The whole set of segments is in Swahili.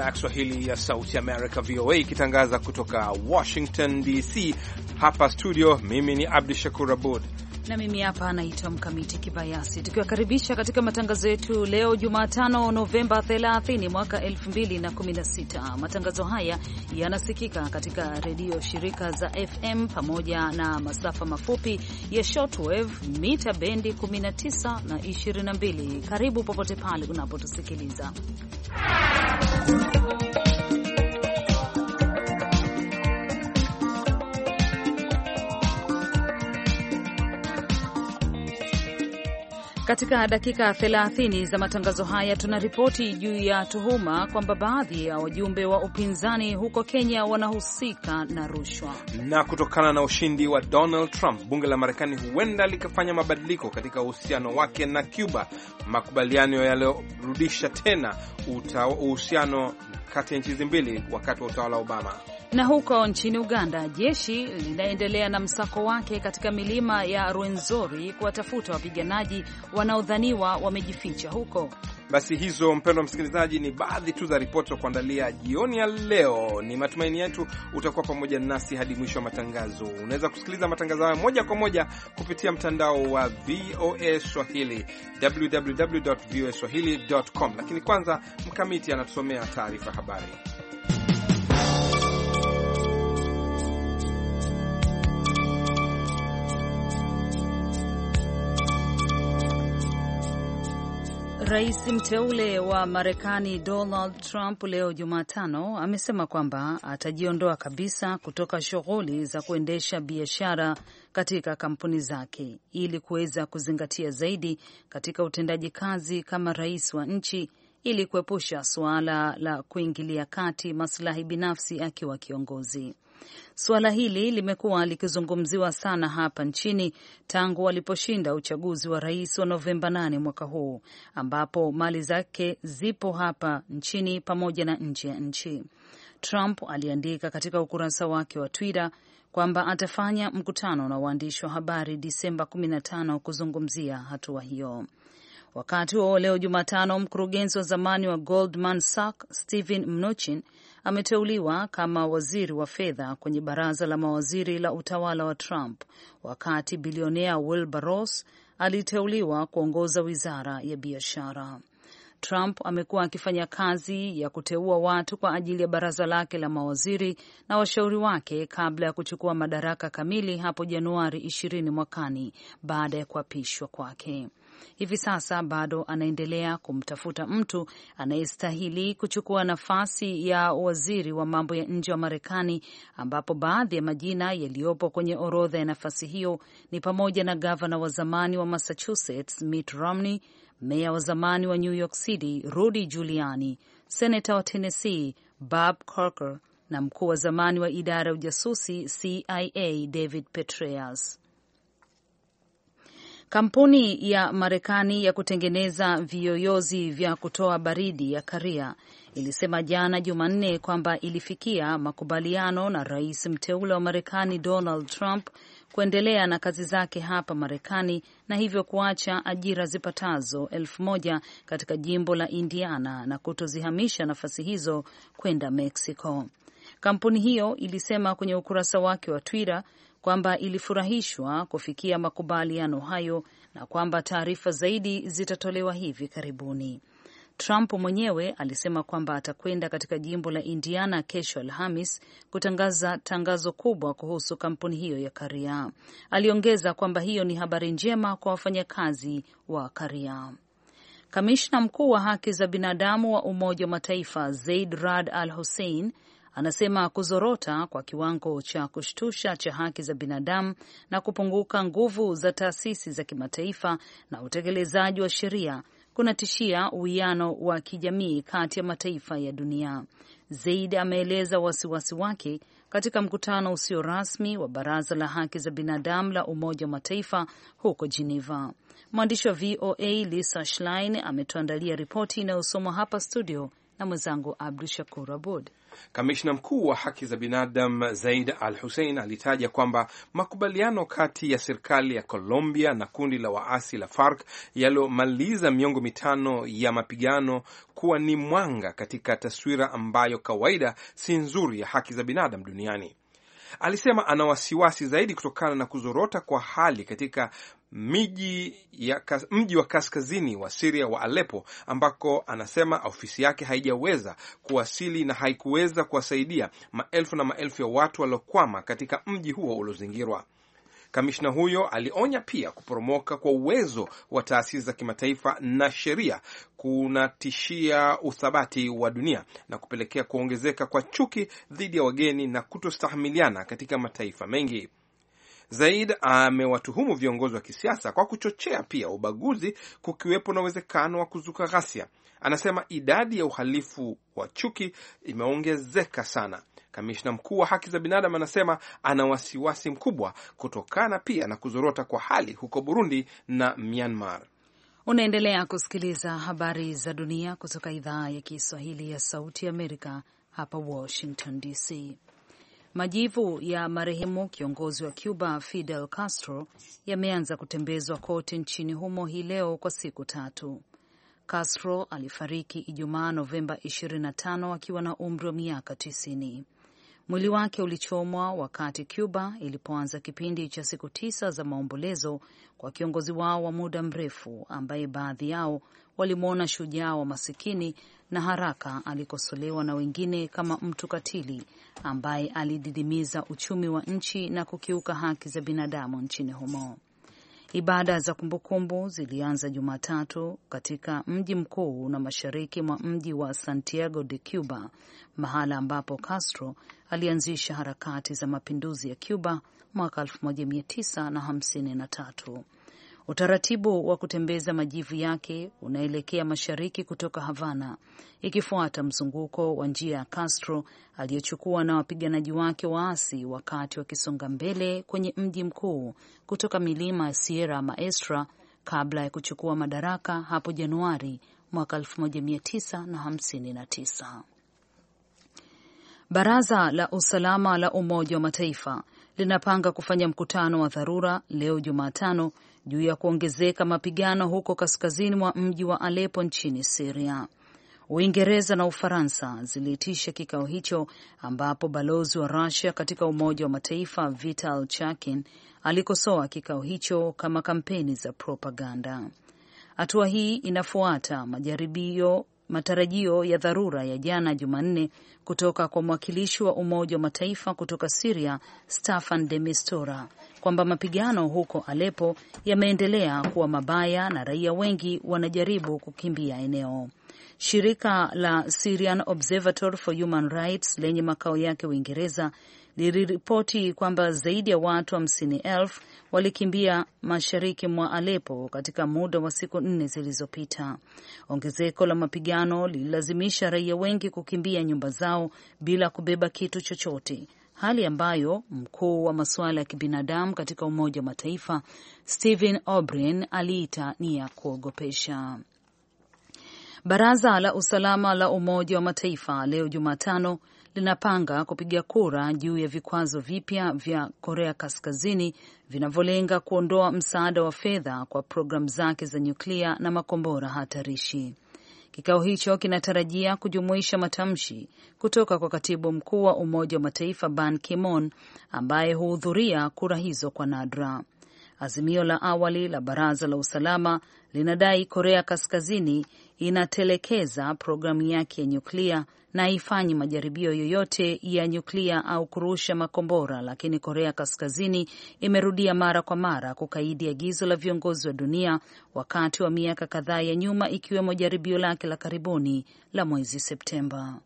idhaa ya Kiswahili ya Sauti amerika VOA, ikitangaza kutoka Washington DC. Hapa studio, mimi ni Abdu Shakur Abud na mimi hapa anaitwa Mkamiti Kibayasi, tukiwakaribisha katika matangazo yetu leo Jumatano, Novemba 30 mwaka 2016. Matangazo haya yanasikika katika redio shirika za FM pamoja na masafa mafupi ya shortwave mita bendi 19 na 22. Karibu popote pale unapotusikiliza Katika dakika 30 za matangazo haya tuna ripoti juu ya tuhuma kwamba baadhi ya wajumbe wa upinzani huko Kenya wanahusika na rushwa. Na kutokana na ushindi wa Donald Trump, bunge la Marekani huenda likafanya mabadiliko katika uhusiano wake na Cuba, makubaliano yaliyorudisha tena uhusiano kati ya nchi hizi mbili wakati wa utawala wa Obama. Na huko nchini Uganda, jeshi linaendelea na msako wake katika milima ya Rwenzori kuwatafuta wapiganaji wanaodhaniwa wamejificha huko. Basi hizo, mpendwa msikilizaji, ni baadhi tu za ripoti za kuandalia jioni ya leo. Ni matumaini yetu utakuwa pamoja nasi hadi mwisho wa matangazo. Unaweza kusikiliza matangazo hayo moja kwa moja kupitia mtandao wa VOA Swahili, www voa Lakini kwanza, Mkamiti anatusomea taarifa habari. Rais mteule wa Marekani Donald Trump leo Jumatano amesema kwamba atajiondoa kabisa kutoka shughuli za kuendesha biashara katika kampuni zake ili kuweza kuzingatia zaidi katika utendaji kazi kama rais wa nchi ili kuepusha suala la kuingilia kati masilahi binafsi akiwa kiongozi. Suala hili limekuwa likizungumziwa sana hapa nchini tangu waliposhinda uchaguzi wa rais wa Novemba 8 mwaka huu, ambapo mali zake zipo hapa nchini pamoja na nje ya nchi. Trump aliandika katika ukurasa wake wa Twitter kwamba atafanya mkutano na waandishi wa habari Disemba 15 kuzungumzia hatua hiyo. Wakati huo leo Jumatano, mkurugenzi wa zamani wa Goldman Sachs Steven Mnuchin ameteuliwa kama waziri wa fedha kwenye baraza la mawaziri la utawala wa Trump, wakati bilionea Wilbur Ross aliteuliwa kuongoza wizara ya biashara. Trump amekuwa akifanya kazi ya kuteua watu kwa ajili ya baraza lake la mawaziri na washauri wake kabla ya kuchukua madaraka kamili hapo Januari 20 mwakani baada ya kuapishwa kwake hivi sasa bado anaendelea kumtafuta mtu anayestahili kuchukua nafasi ya waziri wa mambo ya nje wa Marekani, ambapo baadhi ya majina yaliyopo kwenye orodha ya nafasi hiyo ni pamoja na gavana wa zamani wa Massachusetts Mitt Romney, meya wa zamani wa New York City Rudy Giuliani, senata wa Tennessee Bob Corker na mkuu wa zamani wa idara ya ujasusi CIA David Petraeus. Kampuni ya Marekani ya kutengeneza viyoyozi vya kutoa baridi ya karia ilisema jana Jumanne kwamba ilifikia makubaliano na rais mteule wa Marekani Donald Trump kuendelea na kazi zake hapa Marekani na hivyo kuacha ajira zipatazo elfu moja katika jimbo la Indiana na kutozihamisha nafasi hizo kwenda Mexico. Kampuni hiyo ilisema kwenye ukurasa wake wa Twitter kwamba ilifurahishwa kufikia makubaliano hayo na kwamba taarifa zaidi zitatolewa hivi karibuni. Trump mwenyewe alisema kwamba atakwenda katika jimbo la Indiana kesho Alhamis kutangaza tangazo kubwa kuhusu kampuni hiyo ya Karia. Aliongeza kwamba hiyo ni habari njema kwa wafanyakazi wa Karia. Kamishna mkuu wa haki za binadamu wa Umoja wa Mataifa Zaid Rad Al Hussein Anasema kuzorota kwa kiwango cha kushtusha cha haki za binadamu na kupunguka nguvu za taasisi za kimataifa na utekelezaji wa sheria kunatishia uwiano wa kijamii kati ya mataifa ya dunia. Zaidi ameeleza wasiwasi wake katika mkutano usio rasmi wa Baraza la Haki za Binadamu la Umoja wa Mataifa huko Geneva. Mwandishi wa VOA Lisa Schlein ametuandalia ripoti inayosomwa hapa studio na mwenzangu Abdu Shakur Abud. Kamishna mkuu wa haki za binadam Zaid Al Hussein alitaja kwamba makubaliano kati ya serikali ya Colombia na kundi la waasi la FARC yaliyomaliza miongo mitano ya mapigano kuwa ni mwanga katika taswira ambayo kawaida si nzuri ya haki za binadam duniani. Alisema ana wasiwasi zaidi kutokana na kuzorota kwa hali katika miji ya, mji wa kaskazini wa Siria wa Aleppo ambako anasema ofisi yake haijaweza kuwasili na haikuweza kuwasaidia maelfu na maelfu ya watu waliokwama katika mji huo uliozingirwa. Kamishna huyo alionya pia kuporomoka kwa uwezo wa taasisi za kimataifa na sheria kunatishia uthabati wa dunia na kupelekea kuongezeka kwa chuki dhidi ya wageni na kutostahamiliana katika mataifa mengi. Zaid amewatuhumu viongozi wa kisiasa kwa kuchochea pia ubaguzi, kukiwepo na uwezekano wa kuzuka ghasia. Anasema idadi ya uhalifu wa chuki imeongezeka sana. Kamishna mkuu wa haki za binadamu anasema ana wasiwasi mkubwa kutokana pia na kuzorota kwa hali huko Burundi na Myanmar. Unaendelea kusikiliza habari za dunia kutoka idhaa ya Kiswahili ya Sauti ya Amerika, hapa Washington DC. Majivu ya marehemu kiongozi wa Cuba Fidel Castro yameanza kutembezwa kote nchini humo hii leo kwa siku tatu. Castro alifariki Ijumaa Novemba 25 akiwa na umri wa miaka 90. Mwili wake ulichomwa wakati Cuba ilipoanza kipindi cha siku tisa za maombolezo kwa kiongozi wao wa muda mrefu ambaye baadhi yao walimwona shujaa wa masikini na haraka alikosolewa na wengine kama mtu katili ambaye alididimiza uchumi wa nchi na kukiuka haki za binadamu nchini humo. Ibada za kumbukumbu zilianza Jumatatu katika mji mkuu na mashariki mwa mji wa Santiago de Cuba, mahala ambapo Castro alianzisha harakati za mapinduzi ya Cuba mwaka 1953. Utaratibu wa kutembeza majivu yake unaelekea mashariki kutoka Havana, ikifuata mzunguko wa njia ya Castro aliyochukua na wapiganaji wake waasi wakati wakisonga mbele kwenye mji mkuu kutoka milima ya Sierra Maestra kabla ya kuchukua madaraka hapo Januari mwaka 1959. Baraza la Usalama la Umoja wa Mataifa linapanga kufanya mkutano wa dharura leo Jumatano juu ya kuongezeka mapigano huko kaskazini mwa mji wa Aleppo nchini Syria. Uingereza na Ufaransa ziliitisha kikao hicho ambapo balozi wa Russia katika Umoja wa Mataifa Vital Chakin alikosoa kikao hicho kama kampeni za propaganda. Hatua hii inafuata majaribio matarajio ya dharura ya jana Jumanne kutoka kwa mwakilishi wa Umoja wa Mataifa kutoka Siria Staffan de Mistura kwamba mapigano huko Alepo yameendelea kuwa mabaya na raia wengi wanajaribu kukimbia eneo. Shirika la Syrian Observatory for Human Rights lenye makao yake Uingereza liliripoti kwamba zaidi ya watu hamsini elfu walikimbia mashariki mwa Alepo katika muda wa siku nne zilizopita. Ongezeko la mapigano lililazimisha raia wengi kukimbia nyumba zao bila kubeba kitu chochote, hali ambayo mkuu wa masuala ya kibinadamu katika Umoja wa Mataifa Stephen O'Brien aliita ni ya kuogopesha. Baraza la Usalama la Umoja wa Mataifa leo Jumatano linapanga kupiga kura juu ya vikwazo vipya vya Korea Kaskazini vinavyolenga kuondoa msaada wa fedha kwa programu zake za nyuklia na makombora hatarishi. Kikao hicho kinatarajia kujumuisha matamshi kutoka kwa katibu mkuu wa Umoja wa Mataifa Ban Ki-moon ambaye huhudhuria kura hizo kwa nadra. Azimio la awali la Baraza la Usalama linadai Korea Kaskazini inatelekeza programu yake ya nyuklia na haifanyi majaribio yoyote ya nyuklia au kurusha makombora, lakini Korea Kaskazini imerudia mara kwa mara kukaidi agizo la viongozi wa dunia wakati wa miaka kadhaa ya nyuma, ikiwemo jaribio lake la karibuni la mwezi Septemba.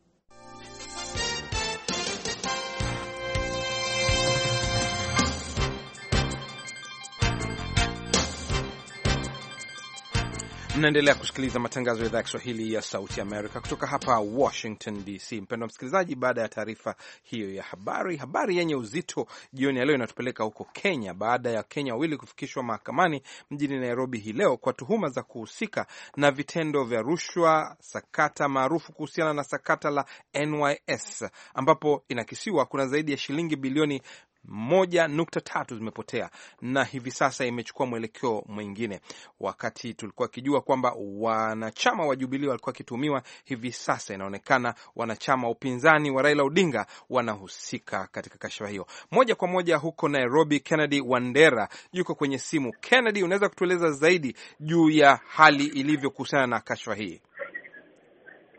Mnaendelea kusikiliza matangazo ya idhaa ya Kiswahili ya Sauti Amerika kutoka hapa Washington DC. Mpendwa msikilizaji, baada ya taarifa hiyo ya habari, habari yenye uzito jioni ya leo inatupeleka huko Kenya baada ya Wakenya wawili kufikishwa mahakamani mjini Nairobi hii leo kwa tuhuma za kuhusika na vitendo vya rushwa, sakata maarufu kuhusiana na sakata la NYS ambapo inakisiwa kuna zaidi ya shilingi bilioni moja nukta tatu zimepotea na hivi sasa imechukua mwelekeo mwingine. Wakati tulikuwa kijua kwamba wanachama wa Jubilii walikuwa wakituhumiwa, hivi sasa inaonekana wanachama wa upinzani wa Raila Odinga wanahusika katika kashfa hiyo. Moja kwa moja huko Nairobi, Kennedy Wandera yuko kwenye simu. Kennedy, unaweza kutueleza zaidi juu ya hali ilivyo kuhusiana na kashfa hii?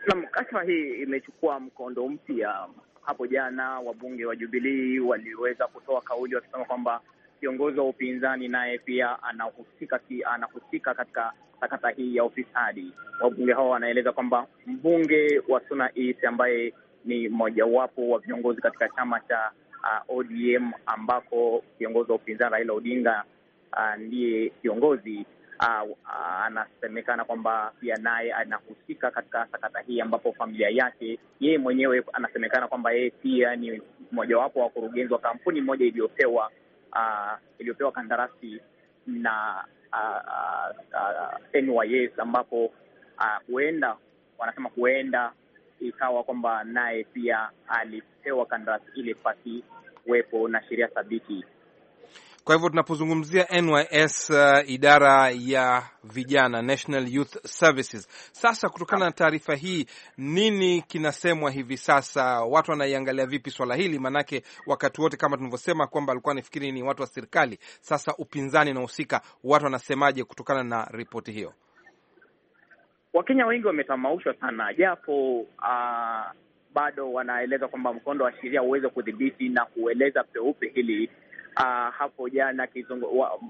Nam, kashfa hii imechukua mkondo mpya hapo jana wabunge wa Jubilii waliweza kutoa kauli wakisema kwamba kiongozi wa upinzani naye pia anahusika ki, anahusika katika sakata hii ya ufisadi. Wabunge hao wanaeleza kwamba mbunge wa Suna East ambaye ni mojawapo wa viongozi katika chama cha uh, ODM ambako kiongozi wa upinzani Raila Odinga uh, ndiye kiongozi Uh, anasemekana kwamba pia naye anahusika katika sakata hii, ambapo familia yake yeye mwenyewe anasemekana kwamba yeye pia ni mojawapo wa kurugenzi wa kampuni moja iliyopewa uh, iliyopewa kandarasi na uh, uh, uh, NYS ambapo uh, huenda uh, wanasema huenda ikawa kwamba naye pia alipewa kandarasi ile pasi pasiwepo na sheria thabiti. Kwa hivyo tunapozungumzia NYS uh, idara ya vijana National Youth Services. Sasa kutokana na taarifa hii, nini kinasemwa hivi sasa? Watu wanaiangalia vipi swala hili? Maanake wakati wote kama tunavyosema kwamba alikuwa anafikiri ni watu wa serikali, sasa upinzani unahusika. Watu wanasemaje kutokana na ripoti hiyo? Wakenya wengi wametamaushwa sana, japo uh, bado wanaeleza kwamba mkondo wa sheria uweze kudhibiti na kueleza peupe hili uh, hapo jana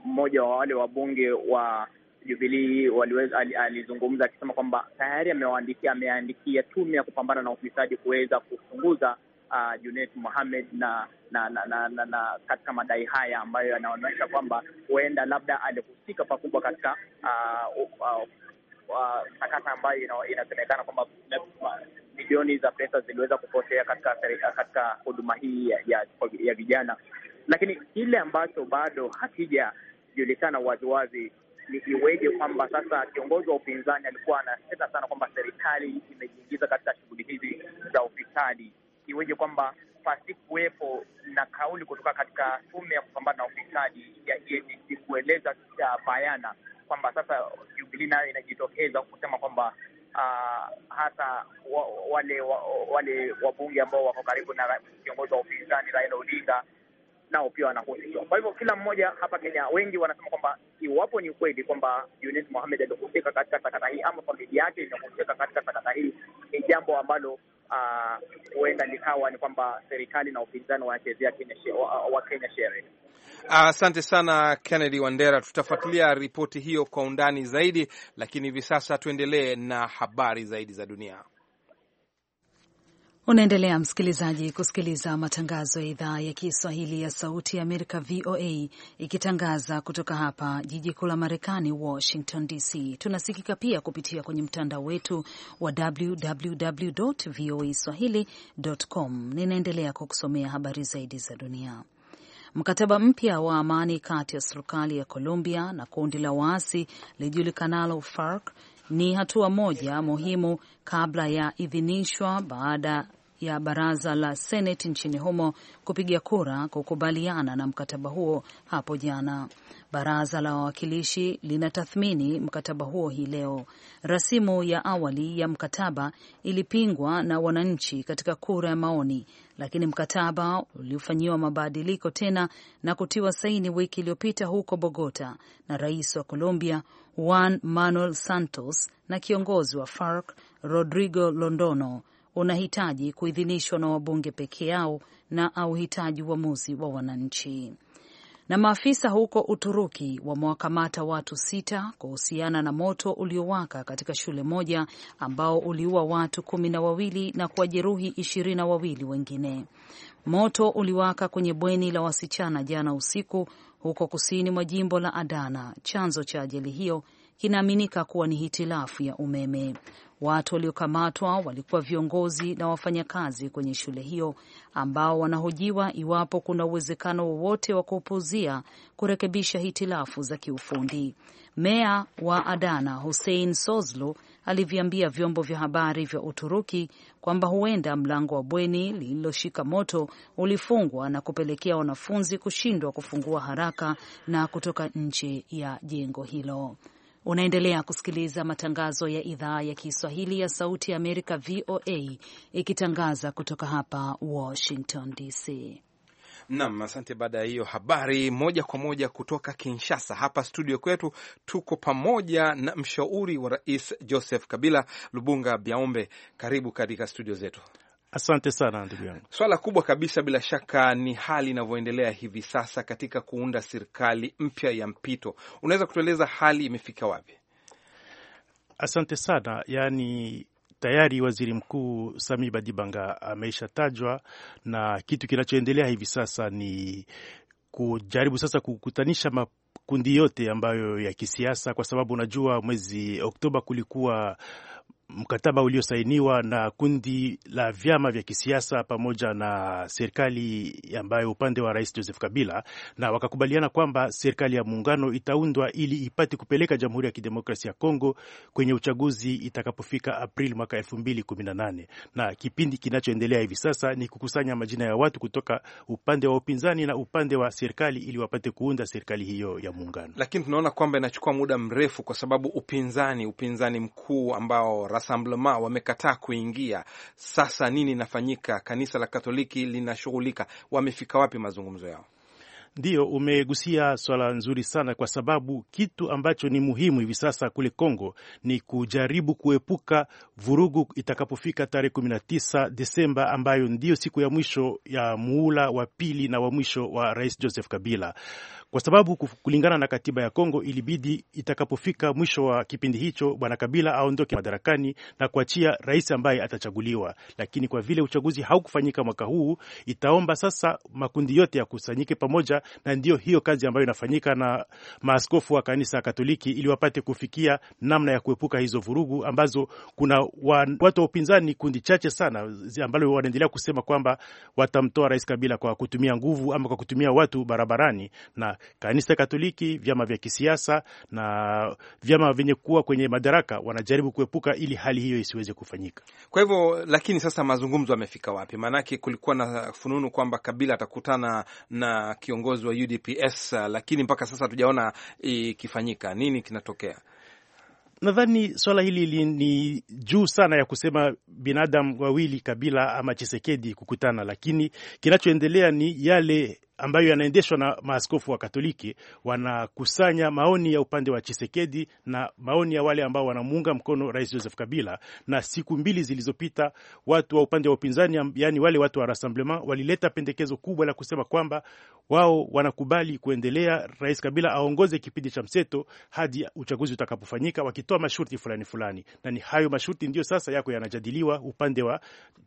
mmoja wa wale wabunge wa Jubilii waliweza al, alizungumza akisema kwamba tayari amewaandikia ameandikia tume ya kupambana na ufisadi kuweza kuchunguza uh, Junet Mohamed na na, na, na, na na katika madai haya ambayo yanaonyesha kwamba huenda labda alihusika pakubwa katika uh, uh, sakata ambayo inasemekana kwamba milioni za pesa ziliweza kupotea katika katika huduma hii ya, ya, ya vijana lakini kile ambacho bado hakijajulikana waziwazi ni iweje kwamba sasa kiongozi wa upinzani alikuwa anaseta sana kwamba serikali imejiingiza katika shughuli hizi za ufisadi. Iweje kwamba pasi kuwepo na kauli kutoka katika tume ya kupambana na ufisadi ya EACC kueleza bayana kwamba sasa Jubilii nayo inajitokeza kusema kwamba uh, hata wa, wale wa, wale wabunge ambao wako karibu na kiongozi wa upinzani Raila Odinga nao pia wanahusishwa. Kwa hivyo kila mmoja hapa Kenya, wengi wanasema kwamba iwapo ni ukweli kwamba Yunus Mohamed alihusika katika sakata hii ama familia yake imehusika katika sakata hii, ni jambo ambalo ah, huenda uh, likawa ni kwamba serikali na upinzani wanachezea kenya shere. Asante uh, sana Kennedy Wandera, tutafuatilia ripoti hiyo kwa undani zaidi, lakini hivi sasa tuendelee na habari zaidi za dunia. Unaendelea msikilizaji kusikiliza matangazo ya idhaa ya Kiswahili ya Sauti ya Amerika, VOA, ikitangaza kutoka hapa jiji kuu la Marekani, Washington DC. Tunasikika pia kupitia kwenye mtandao wetu wa www voa swahili.com. Ninaendelea kukusomea habari zaidi za dunia. Mkataba mpya wa amani kati ya serikali ya Colombia na kundi la waasi lijulikanalo FARC ni hatua moja muhimu kabla ya idhinishwa baada ya baraza la Seneti nchini humo kupiga kura kukubaliana na mkataba huo hapo jana. Baraza la Wawakilishi linatathmini mkataba huo hii leo. Rasimu ya awali ya mkataba ilipingwa na wananchi katika kura ya maoni lakini mkataba uliofanyiwa mabadiliko tena na kutiwa saini wiki iliyopita huko Bogota na rais wa Colombia Juan Manuel Santos na kiongozi wa FARC Rodrigo Londono unahitaji kuidhinishwa na wabunge peke yao na auhitaji uamuzi wa wananchi na maafisa huko Uturuki wamewakamata watu sita kuhusiana na moto uliowaka katika shule moja ambao uliua watu kumi na wawili na kuwajeruhi ishirini na wawili wengine. Moto uliwaka kwenye bweni la wasichana jana usiku huko kusini mwa jimbo la Adana. Chanzo cha ajali hiyo kinaaminika kuwa ni hitilafu ya umeme. Watu waliokamatwa walikuwa viongozi na wafanyakazi kwenye shule hiyo ambao wanahojiwa iwapo kuna uwezekano wowote wa kupuuzia kurekebisha hitilafu za kiufundi. Meya wa Adana Hussein sozlo aliviambia vyombo vya habari vya Uturuki kwamba huenda mlango wa bweni lililoshika moto ulifungwa na kupelekea wanafunzi kushindwa kufungua haraka na kutoka nje ya jengo hilo. Unaendelea kusikiliza matangazo ya idhaa ya Kiswahili ya Sauti ya Amerika, VOA, ikitangaza kutoka hapa Washington DC. Nam, asante. Baada ya hiyo habari, moja kwa moja kutoka Kinshasa, hapa studio kwetu, tuko pamoja na mshauri wa rais Joseph Kabila, Lubunga Biaombe. Karibu katika studio zetu. Asante sana ndugu yangu. Swala kubwa kabisa bila shaka ni hali inavyoendelea hivi sasa katika kuunda serikali mpya ya mpito. Unaweza kutueleza hali imefika wapi? Asante sana. Yaani tayari waziri mkuu Sami Badibanga ameishatajwa na kitu kinachoendelea hivi sasa ni kujaribu sasa kukutanisha ma kundi yote ambayo ya kisiasa, kwa sababu unajua mwezi Oktoba kulikuwa mkataba uliosainiwa na kundi la vyama vya kisiasa pamoja na serikali ambayo upande wa Rais Joseph Kabila, na wakakubaliana kwamba serikali ya muungano itaundwa ili ipate kupeleka Jamhuri ya Kidemokrasia ya Kongo kwenye uchaguzi itakapofika Aprili mwaka 2018. Na kipindi kinachoendelea hivi sasa ni kukusanya majina ya watu kutoka upande wa upinzani na upande wa serikali ili wapate kuunda serikali hiyo ya muungano, lakini tunaona kwamba inachukua muda mrefu kwa sababu upinzani upinzani mkuu ambao Rassemblement wamekataa kuingia. Sasa nini inafanyika? Kanisa la Katoliki linashughulika, wamefika wapi mazungumzo yao? Ndiyo, umegusia swala nzuri sana, kwa sababu kitu ambacho ni muhimu hivi sasa kule Kongo ni kujaribu kuepuka vurugu itakapofika tarehe 19 Desemba, ambayo ndiyo siku ya mwisho ya muula wa pili na wa mwisho wa Rais Joseph Kabila kwa sababu kulingana na katiba ya Kongo ilibidi itakapofika mwisho wa kipindi hicho bwana Kabila aondoke madarakani na kuachia rais ambaye atachaguliwa. Lakini kwa vile uchaguzi haukufanyika mwaka huu, itaomba sasa makundi yote yakusanyike pamoja, na ndiyo hiyo kazi ambayo inafanyika na maaskofu wa kanisa Katoliki ili wapate kufikia namna ya kuepuka hizo vurugu ambazo kuna watu wa upinzani, kundi chache sana, ambalo wanaendelea kusema kwamba watamtoa rais Kabila kwa kutumia nguvu ama kwa kutumia watu barabarani na kanisa Katoliki, vyama vya kisiasa na vyama vyenye kuwa kwenye madaraka wanajaribu kuepuka ili hali hiyo isiweze kufanyika. Kwa hivyo, lakini sasa mazungumzo yamefika wapi? Maanake kulikuwa na fununu kwamba Kabila atakutana na kiongozi wa UDPS, lakini mpaka sasa hatujaona ikifanyika. Nini kinatokea? Nadhani swala hili ni juu sana ya kusema binadamu wawili Kabila ama Chisekedi kukutana, lakini kinachoendelea ni yale ambayo yanaendeshwa na maaskofu wa Katoliki wanakusanya maoni ya upande wa Chisekedi na maoni ya wale ambao wanamuunga mkono Rais Joseph Kabila. Na siku mbili zilizopita, watu wa upande wa upinzani, yaani wale watu wa Rassemblement, walileta pendekezo kubwa la kusema kwamba wao wanakubali kuendelea Rais Kabila aongoze kipindi cha mseto hadi uchaguzi utakapofanyika, wakitoa masharti fulani fulani, na ni hayo masharti ndio sasa yako yanajadiliwa upande wa,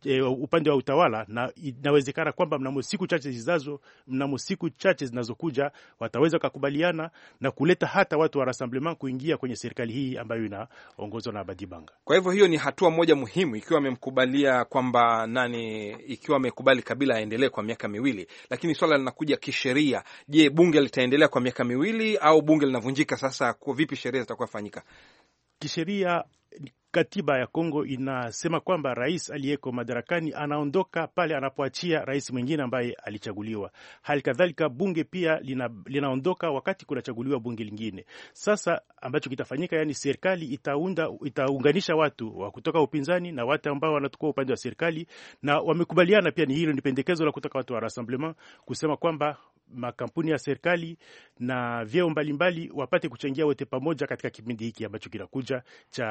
eh, upande wa utawala na inawezekana kwamba mnamo siku chache zizazo mnamo siku chache zinazokuja wataweza wakakubaliana na kuleta hata watu wa Rassemblement kuingia kwenye serikali hii ambayo inaongozwa na badibanga Kwa hivyo hiyo ni hatua moja muhimu, ikiwa amemkubalia kwamba nani, ikiwa amekubali Kabila aendelee kwa miaka miwili, lakini swala linakuja kisheria. Je, bunge litaendelea kwa miaka miwili au bunge linavunjika sasa? Kwa vipi sheria zitakuwa fanyika kisheria? katiba ya Kongo inasema kwamba rais aliyeko madarakani anaondoka pale anapoachia rais mwingine ambaye alichaguliwa. Hali kadhalika bunge pia lina, linaondoka wakati kunachaguliwa bunge lingine. Sasa ambacho kitafanyika, yani serikali itaunda, itaunganisha watu wa kutoka upinzani na watu ambao wanatukua upande wa serikali, na wamekubaliana pia, ni hilo ni pendekezo la kutoka watu wa Rassemblement kusema kwamba makampuni ya serikali na vyeo mbalimbali wapate kuchangia wote pamoja katika kipindi hiki ambacho kinakuja cha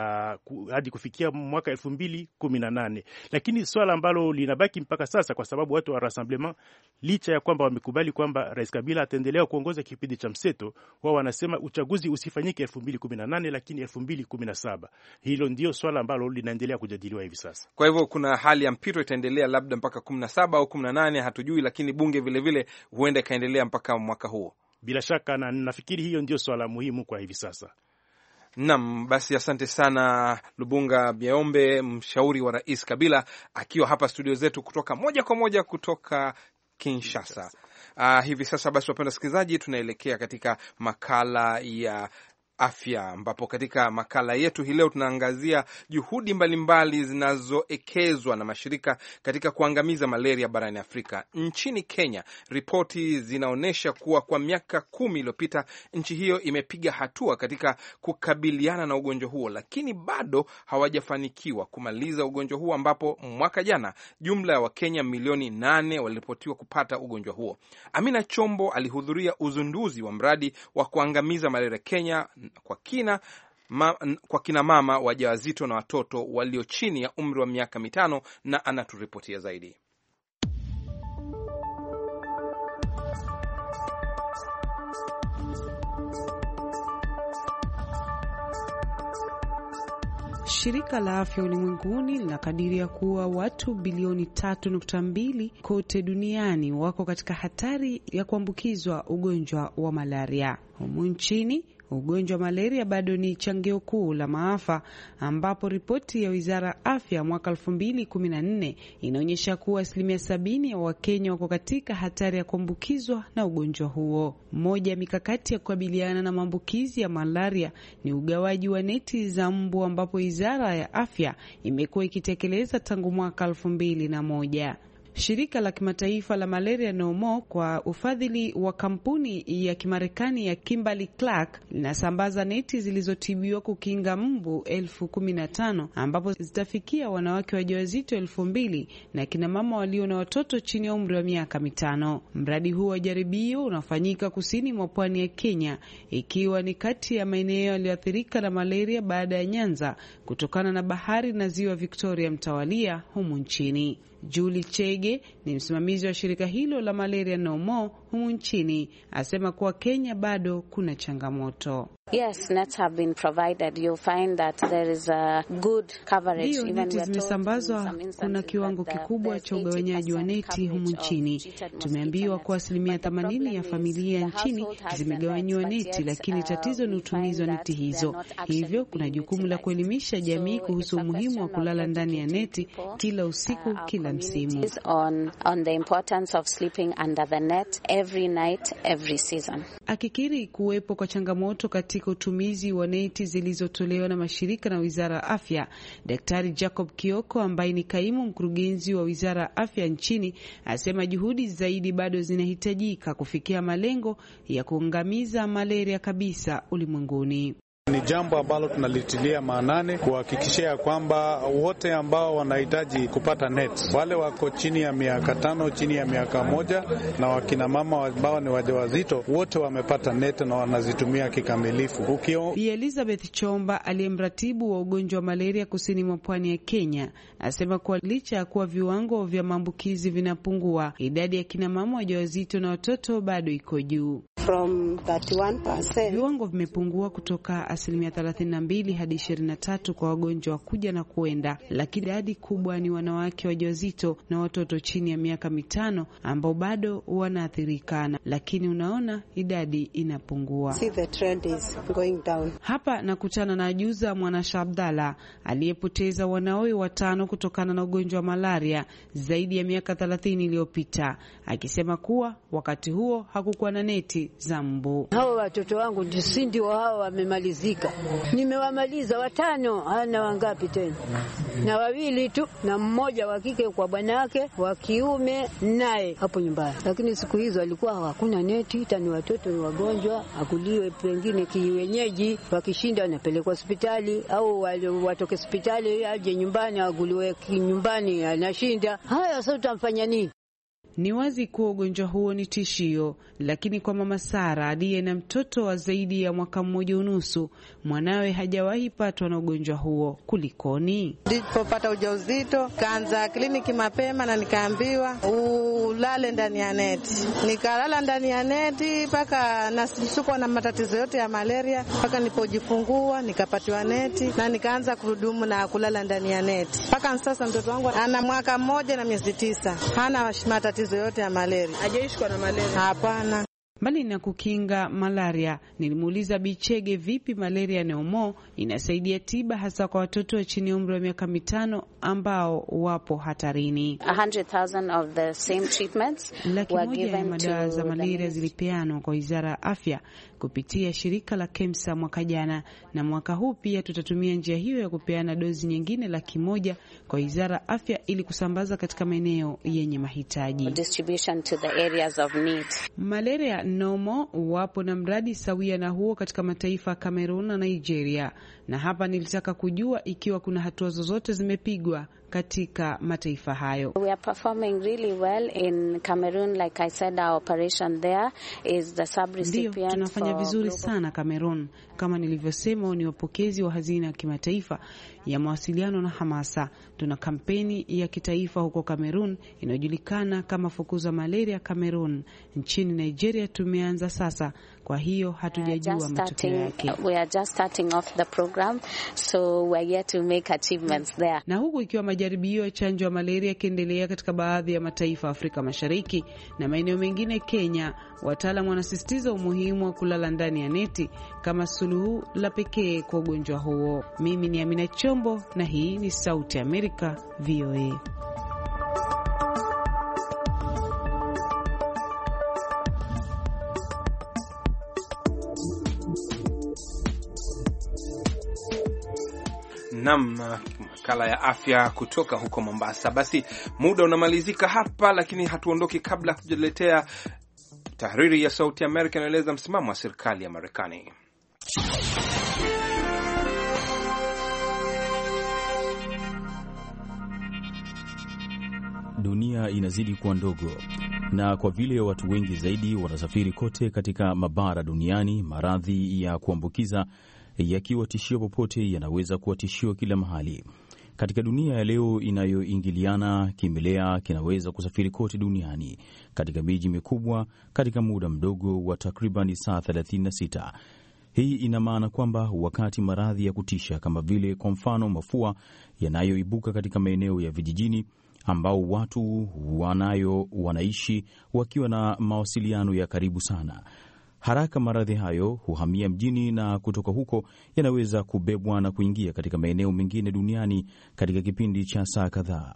hadi kufikia mwaka elfu mbili kumi na nane lakini swala ambalo linabaki mpaka sasa, kwa sababu watu wa Rassemblement licha ya kwamba wamekubali kwamba Rais Kabila ataendelea kuongoza kipindi cha mseto wao, wanasema uchaguzi usifanyike elfu mbili kumi na nane lakini elfu mbili kumi na saba Hilo ndio swala ambalo linaendelea kujadiliwa hivi sasa. Kwa hivyo kuna hali ya mpito itaendelea labda mpaka kumi na saba au kumi na nane hatujui, lakini bunge vilevile huenda ikaendelea kuendelea mpaka mwaka huo. Bila shaka na nafikiri hiyo ndio swala muhimu kwa hivi sasa. Nam, basi asante sana Lubunga Biaombe, mshauri wa Rais Kabila, akiwa hapa studio zetu kutoka moja kwa moja kutoka Kinshasa. Uh, hivi sasa basi, wapenda wasikilizaji, tunaelekea katika makala ya afya, ambapo katika makala yetu hii leo tunaangazia juhudi mbalimbali zinazoekezwa na mashirika katika kuangamiza malaria barani Afrika. Nchini Kenya, ripoti zinaonyesha kuwa kwa miaka kumi iliyopita nchi hiyo imepiga hatua katika kukabiliana na ugonjwa huo, lakini bado hawajafanikiwa kumaliza ugonjwa huo, ambapo mwaka jana jumla ya wa Wakenya milioni nane waliripotiwa kupata ugonjwa huo. Amina Chombo alihudhuria uzinduzi wa mradi wa kuangamiza malaria Kenya kwa kina ma, kwa kina mama wajawazito na watoto walio chini ya umri wa miaka mitano, na anaturipotia zaidi. Shirika la Afya Ulimwenguni linakadiria kuwa watu bilioni 3.2 kote duniani wako katika hatari ya kuambukizwa ugonjwa wa malaria. Humu nchini ugonjwa wa malaria bado ni changio kuu la maafa, ambapo ripoti ya wizara ya afya mwaka 2014 inaonyesha kuwa asilimia sabini ya Wakenya wako katika hatari ya kuambukizwa na ugonjwa huo. Moja ya mikakati ya kukabiliana na maambukizi ya malaria ni ugawaji wa neti za mbu, ambapo wizara ya afya imekuwa ikitekeleza tangu mwaka 2001. Shirika la kimataifa la malaria NOMO kwa ufadhili wa kampuni ya Kimarekani ya Kimberly Clark linasambaza neti zilizotibiwa kukinga mbu elfu kumi na tano ambapo zitafikia wanawake wajawazito elfu mbili na kinamama walio na watoto chini ya umri wa miaka mitano. Mradi huu wa jaribio unafanyika kusini mwa pwani ya Kenya, ikiwa ni kati ya maeneo yaliyoathirika na malaria baada ya Nyanza kutokana na bahari na ziwa Victoria mtawalia humu nchini. Juli Chege ni msimamizi wa shirika hilo la Malaria No More humu nchini, asema kuwa Kenya bado kuna changamoto. Yes, nets have been provided. You'll find that there is a good coverage. Ndiyo, neti zimesambazwa. Kuna kiwango kikubwa cha ugawanyaji wa neti humu nchini. Tumeambiwa kuwa asilimia themanini ya familia nchini zimegawanyiwa neti, lakini uh, tatizo ni utumizi wa neti hizo. Hivyo kuna jukumu la kuelimisha jamii kuhusu umuhimu wa kulala ndani ya neti kila usiku, uh, kila msimu. Akikiri kuwepo kwa changamoto kati katika utumizi wa neti zilizotolewa na mashirika na wizara ya afya. Daktari Jacob Kioko ambaye ni kaimu mkurugenzi wa wizara ya afya nchini asema juhudi zaidi bado zinahitajika kufikia malengo ya kuangamiza malaria kabisa ulimwenguni. Ni jambo ambalo tunalitilia maanani kuhakikishia ya kwamba wote ambao wanahitaji kupata net, wale wako chini ya miaka tano, chini ya miaka moja, na wakinamama ambao ni wajawazito, wote wamepata net na wanazitumia kikamilifu. Ukio... Bi Elizabeth Chomba aliye mratibu wa ugonjwa wa malaria kusini mwa pwani ya Kenya asema kuwa licha ya kuwa viwango vya maambukizi vinapungua, idadi ya kinamama wajawazito na watoto bado iko juu. Viwango vimepungua kutoka asilimia 32 hadi 23 kwa wagonjwa wa kuja na kuenda, lakini idadi kubwa ni wanawake wajawazito na watoto chini ya miaka mitano ambao bado wanaathirikana, lakini unaona idadi inapungua. See the trend is going down. Hapa nakutana na Ajuza Mwanasha Abdalla aliyepoteza wanawe watano kutokana na ugonjwa wa malaria zaidi ya miaka 30 iliyopita, akisema kuwa wakati huo hakukuwa na neti za mbu. Hawa watoto wangu si ndio hawa wamemalizia nimemalizika, nimewamaliza watano, ana wangapi tena, na wawili tu na mmoja wa kike kwa bwanake, wa kiume naye hapo nyumbani. Lakini siku hizo alikuwa hakuna neti, tani watoto ni wagonjwa, akuliwe pengine kiwenyeji, wakishinda wanapelekwa hospitali au watoke hospitali aje nyumbani aguliwe nyumbani, anashinda haya. Sasa utamfanya nini? Ni wazi kuwa ugonjwa huo ni tishio, lakini kwa mama Sara aliye na mtoto wa zaidi ya mwaka mmoja unusu, mwanawe hajawahi patwa na ugonjwa huo. Kulikoni? ndipopata ujauzito kaanza kliniki mapema, na nikaambiwa ulale ndani ya neti. Nikalala ndani ya neti mpaka nasukwa na matatizo yote ya malaria mpaka nipojifungua nikapatiwa neti na nikaanza kuhudumu na kulala ndani ya neti mpaka sasa. Mtoto wangu ana mwaka mmoja na miezi tisa, hana matatizo yote ya malaria. Hajaishikwa na malaria? Hapana. Mbali na kukinga malaria, nilimuuliza Bichege vipi malaria Neumo inasaidia tiba hasa kwa watoto wa chini ya umri wa miaka mitano ambao wapo hatarini. Laki moja ya madawa za malaria zilipeanwa kwa wizara ya afya kupitia shirika la KEMSA mwaka jana, na mwaka huu pia tutatumia njia hiyo ya kupeana dozi nyingine laki moja kwa wizara ya afya ili kusambaza katika maeneo yenye mahitaji. Malaria nomo wapo na mradi sawia na huo katika mataifa ya Kamerun na Nigeria, na hapa nilitaka kujua ikiwa kuna hatua zozote zimepigwa katika mataifa hayo. We are performing really well in Cameroon like I said our operation there is the Ndiyo, tunafanya vizuri sana Cameroon, kama nilivyosema, ni wapokezi wa hazina ya kimataifa ya mawasiliano na hamasa. Tuna kampeni ya kitaifa huko Cameroon inayojulikana kama fukuza malaria Cameroon. Nchini Nigeria tumeanza sasa kwa hiyo hatujajua matokeo yake. Na huku ikiwa majaribio ya chanjo ya malaria yakiendelea katika baadhi ya mataifa ya Afrika Mashariki na maeneo mengine Kenya, wataalamu wanasisitiza umuhimu wa kulala ndani ya neti kama suluhu la pekee kwa ugonjwa huo. Mimi ni Amina Chombo na hii ni Sauti ya Amerika, VOA. Nam, uh, makala ya afya kutoka huko Mombasa. Basi muda unamalizika hapa, lakini hatuondoki kabla ya kujaletea tahariri ya Sauti Amerika inaeleza msimamo wa serikali ya Marekani. Dunia inazidi kuwa ndogo na kwa vile watu wengi zaidi wanasafiri kote katika mabara duniani, maradhi ya kuambukiza yakiwa tishio popote, yanaweza kuwa tishio kila mahali. Katika dunia ya leo inayoingiliana, kimelea kinaweza kusafiri kote duniani, katika miji mikubwa, katika muda mdogo wa takribani saa 36. Hii ina maana kwamba wakati maradhi ya kutisha kama vile kwa mfano mafua yanayoibuka katika maeneo ya vijijini ambao watu wanayo wanaishi wakiwa na mawasiliano ya karibu sana, Haraka maradhi hayo huhamia mjini na kutoka huko yanaweza kubebwa na kuingia katika maeneo mengine duniani katika kipindi cha saa kadhaa.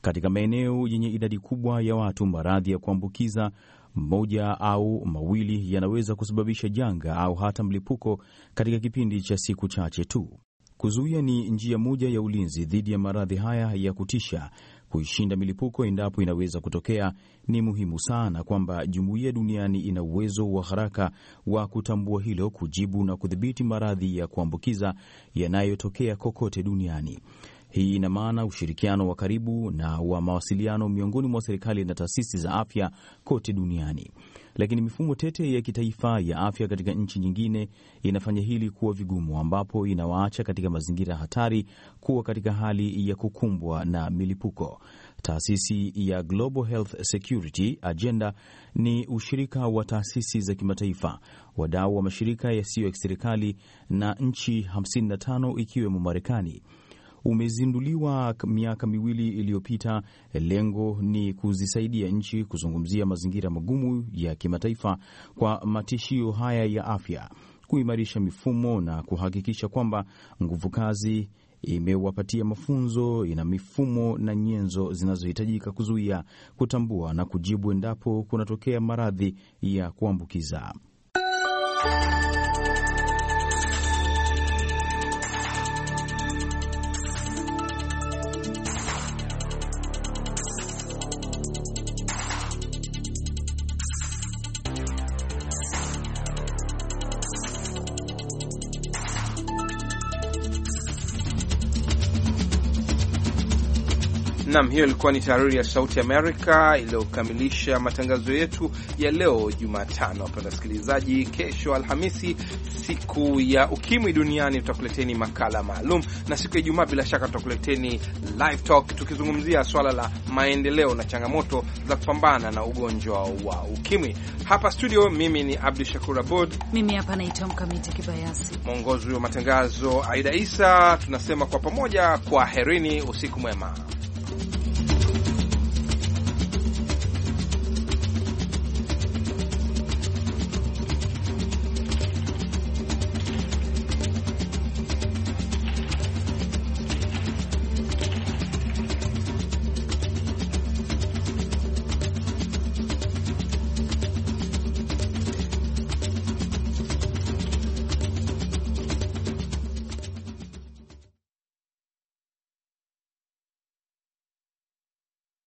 Katika maeneo yenye idadi kubwa ya watu, maradhi ya kuambukiza moja au mawili yanaweza kusababisha janga au hata mlipuko katika kipindi cha siku chache tu. Kuzuia ni njia moja ya ulinzi dhidi ya maradhi haya ya kutisha Kuishinda milipuko endapo inaweza kutokea, ni muhimu sana kwamba jumuiya duniani ina uwezo wa haraka wa kutambua hilo, kujibu na kudhibiti maradhi ya kuambukiza yanayotokea kokote duniani. Hii ina maana ushirikiano wa karibu na wa mawasiliano miongoni mwa serikali na taasisi za afya kote duniani lakini mifumo tete ya kitaifa ya afya katika nchi nyingine inafanya hili kuwa vigumu, ambapo inawaacha katika mazingira hatari kuwa katika hali ya kukumbwa na milipuko. Taasisi ya Global Health Security Agenda ni ushirika wa taasisi za kimataifa, wadau wa mashirika yasiyo ya kiserikali na nchi 55 ikiwemo Marekani umezinduliwa miaka miwili iliyopita. Lengo ni kuzisaidia nchi kuzungumzia mazingira magumu ya kimataifa kwa matishio haya ya afya, kuimarisha mifumo na kuhakikisha kwamba nguvu kazi imewapatia mafunzo, ina mifumo na nyenzo zinazohitajika kuzuia, kutambua na kujibu endapo kunatokea maradhi ya kuambukiza. Hiyo ilikuwa ni tahariri ya Sauti Amerika iliyokamilisha matangazo yetu ya leo Jumatano. Wapenda wasikilizaji, kesho Alhamisi, siku ya ukimwi duniani, tutakuleteni makala maalum, na siku ya Ijumaa bila shaka tutakuleteni live talk tukizungumzia swala la maendeleo na changamoto za kupambana na ugonjwa wa ukimwi. Hapa studio, mimi ni Abdu Shakur Abud, mimi hapa naitwa Mkamiti Kibayasi, mwongozi wa matangazo Aida Isa. Tunasema kwa pamoja, kwa herini usiku mwema.